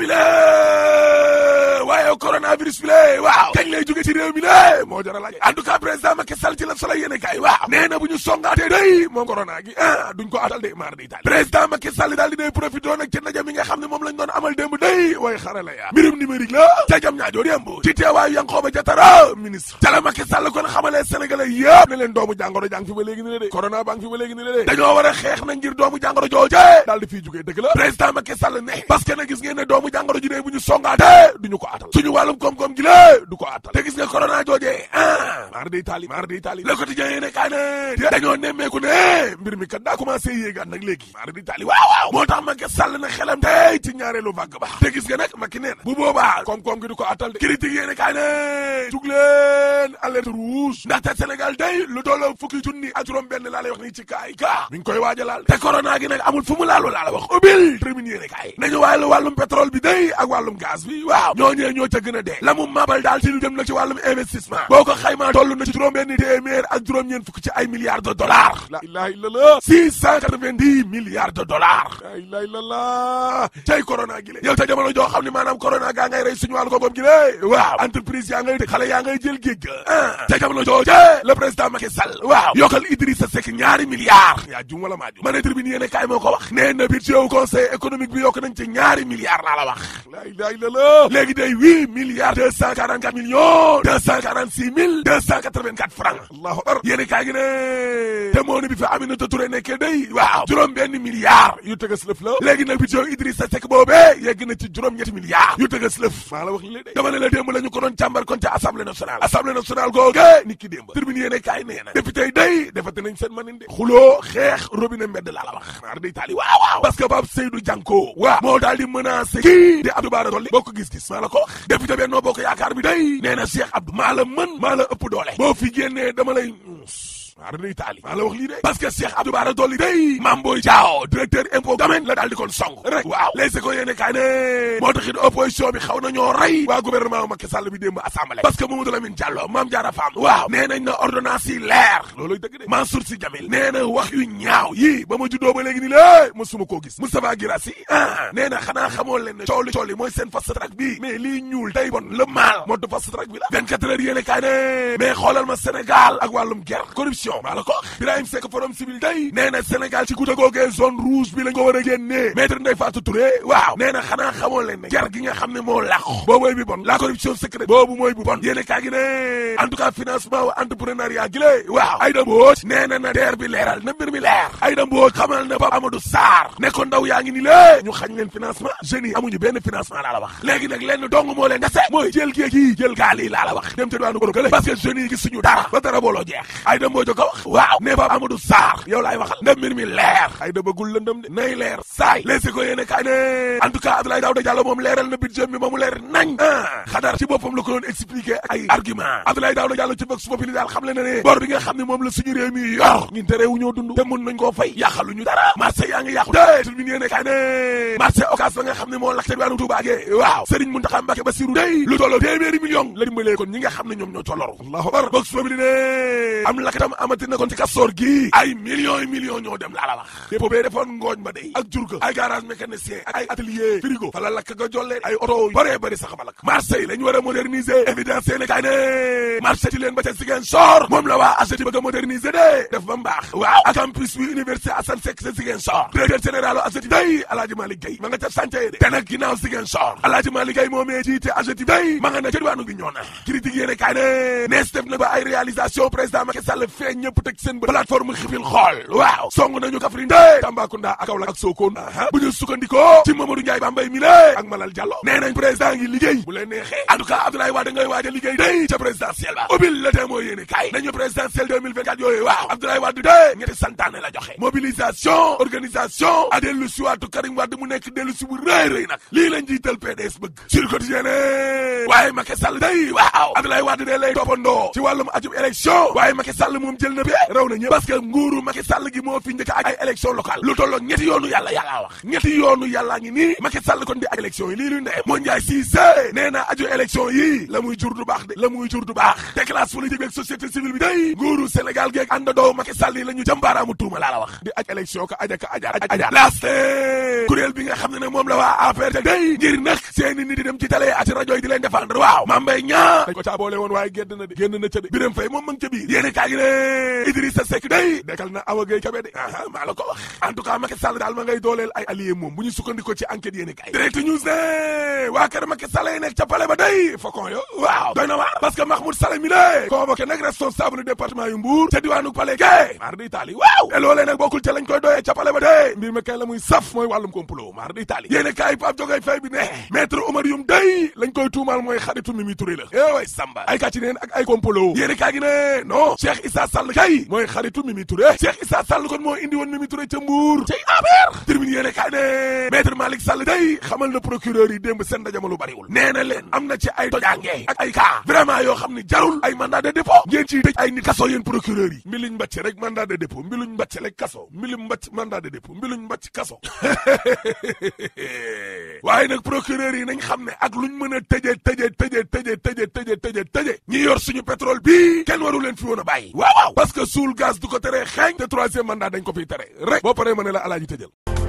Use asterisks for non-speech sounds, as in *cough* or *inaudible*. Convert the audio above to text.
Jubilee! coronavirus bi la waaw kañ lay jóge ci réew mi la moo jara laaj en tout cas président Macky Sall ci la solo yéene kaay waaw nee na bu ñu songaatee day moom corona gi ah duñ ko atal de maar di taal président Macky Sall daal dinay profité nag ci ndaje mi nga xam ne moom lañ doon amal démb day way la yaa mbirum numérique la ca jam ñaajoo démb ci teewaayu Yankhoba jatara ministre ca la Macky Sall kon xamalee sénégalais yëpp ne leen doomu jàngoro jàng fi ba léegi ni la de corona baa ngi fi ba léegi ni la de dañoo war a xeex na ngir doomu jàngoro jooje daal di fii jógee dëgg la président Macky Sall ne parce que na gis ngeen ne doomu jàngoro ji dee bu ñu songaatee duñu ko atal suñu wàllum koom-koom gi lé du ko attal te gis nga corona joojee ah mar day taali mar day taali le quotidien yéene kaa ne dañoo nemmeeku ne mbir mi kat daa commencé yéegaat nag léegi mar day taali waaw waaw moo tax Macky Sall na xelam tey ci ñaareelu vague ba te gis nga nag Macky nee na bu boobaa koom-koom gi du ko attal de critique yéene kaa ne jug leen alerte rouge ndaxte Sénégal day lu tolloo fukki junni ak juróom benn laa lay wax nii ci kaay kaa mi koy waajalaal te la wax ubbil tribune yéene kaay nañu wàllu wàllum pétrole a de la mu mabal daal ci lu jëm nag ci wàllum investissement boo ko xaymaa toll na ci juróom-benn téeméer ak juróom-ñeent fukk ci ay milliards de dollars la ilaha illallah la joo xam ne maanaam corona gaa ngay rey suñu wàllu koom-koom gi ga ah te jamono jooje le président Macky Sall waaw yokkal Idrissa Seck ñaari milliards yaa ma ne tribune yéene kaay moo ko wax nee na budget conseil économique bi yokk la wax la ilaha illallah léegi milliards deux cent quarante quatre millions deux cent quarante six mille deux cent quatre vingt quatre francs allahu akbar yéeni te moo ni bi fa Aminata Touré nekkee day waaw juróom benn milliards yu tëgas lëf la léegi nag budget Idrissa Seck boobee yegg na ci juróom ñetti milliards yu tëgas lëf maa la wax la démb la ñu ko doon càmbar kon ca assemblée nationale assemblée nationale googe nit ki démb tribune yéene kaay nee na day defate nañ seen manin de xuloo xeex robinet Benno Bokk Yaakaar bi day nee na Cheikh Abdou maa la mën maa la ëpp doole boo fi génnee dama lay ñuus maa day taali maa la wax lii de parce que Cheikh Abdou Bara Dolly day Mame Boye Diao directeur impôt la daal kon song rek waaw les écoles yéene kaay ne moo taxit opposition bi xaw na ñoo rey waa gouvernement Macky Sall bi démb assemblée parce que Mamadou Lamine Diallo Mame Diarra Fam waaw nee na ordonnance leer looloy dëgg de Mansour Sy Djamil nee na wax yu ñaaw yi ba ma juddoo ba léegi ni lé mësuma koo gis Moustapha Guirassy ah nee xanaa xamoo élection maa la ko day nee na ci gudda googee zone rouge bi la nga war a génnee maître Ndeye waaw nee na xanaa ne jar gi nga xam ne moo làqu boobu bi bon la corruption secrète boobu mooy bu bon yéene kaa gi ne en tout cas gi lée waaw Aïda Mbodj nee na na bi leeral na mbir mi leer Aïda Mbodj xamal na Pape Amadou Sarr ne ko ndaw yaa ngi ni lée ñu xañ leen financement jeunes amuñu benn financement la la ko wax waaw ne Pape Amadou Sarr yow laay waxal ndax mbir leer ay da bëggul lëndëm de nay leer saay les si ko yéene kaay ne en tout cas Abdoulaye moom leeral na budget bi moomu leer nañ ah ci boppam la ko doon expliqué ay argument Abdoulaye Daouda Diallo ci vox populi daal xam le na ne bor bi nga xam ne moom la suñu réew mi yor ñun te réew ñoo dund te mën nañ koo fay yàqaluñu dara marché yaa ngi yàqu dé tur bi yéene kaay ne marché ba nga xam xamante ne kon ci kastoor gii ay millions yi millions ñoo dem laa la wax dépôt bee defoon ngooñ ba day ak jur ga ay garage mécanicien ay atelier frigo fala lakk ga jolle ay oto bëree bëri sax ba lakk marché war a moderniser évidence yéene kay ne marché ci leen ba ca Ziguinchor moom la waa AGETI bëgg a moderniser de def ba mbaax waaw ak campus bi université Assane Seck sa Ziguinchor directeur général u AGETI day Alaaji Malick Gueye ma nga ca santé yi de te nag gi tee ñëpp teg seen bë plateforme xifil xool waaw song nañu Kaffrine de Tambacounda ak Kaolack ak Sokone aha bu ñu sukkandikoo ci Mamadou Ndiaye Bambay mi lé ak Malal Diallo nee nañ président ngi liggéey bu leen neexee en tout cas ngay waaj a day ca présidentiel ba la tee moo yéene nañu présidentiel 2024 yooyu waaw Abdoulaye Wade de ñetti santaane la joxe mobilisation organisation a dellu si waatu Karim Wade mu nekk dellu si bu rëy jël na bee raw na ñëpp parce que nguuru Macky Sall gi moo fi njëkk ak ay élection locale lu tolloo ñetti yoonu yàlla yàllaa wax ñetti yoonu yàllaa ngi nii Macky Sall kon di ak élection yi lii luy ndee baax de la muy jur du baax te classe politique ak société civile bi day nguuru Sénégal geeg àndandoo Macky Sall yi la la wax di ak élection xam ne ne moom la waa APR te day ngir nag seeni nit di dem ci télé ak ci rajo yi di leen waaw Mame Mbaye Niang ko caa woon waaye génn na de génn na ca de Birame Faye moom ma ngi ca biir yéene kaa Idrissa Seck day dekal na Awa Gueye Kébé de aha maa la ko wax en tout cas Macky waa kër Macky mar di Italie waaw te loolee nag bokkul lañ koy doyee ca palais dee mbir ma kay la muy saf mooy wàllum complot mar di Italie yéene kay Pape Diogaye Faye ne maître Oumar Youm day lañ koy tuumaal mooy xaritu Mimi Touré la eh way Samba ay kàcci ay complot yéene kay ne non Cheikh Issa Sall kay mooy xaritu Mimi Touré Cheikh Issa Sall kon moo indi woon Mimi Touré ca Mbour cay affaire termine yéene kay ne maître Malik Sall day xamal na procureur yi démb seen dajama lu bariwul nee na leen am ci ay tojaange ak ay vraiment jarul ay mandat de dépôt ngeen ciy tëj ay nit procureur yi miliñ rek mandat de dépôt mbiluñ mbàcc rek kaso miliñ mbàcc mandat de dépôt mbiluñ kaso *laughs* waaye procureur yi nañ ak luñ ñi yor suñu pétrole kenn waru fi waaw parce que suul gaz du ko tere xeeñ te troisième mandat dañ ko tere rek boo paree ma ne la alaaji tëjal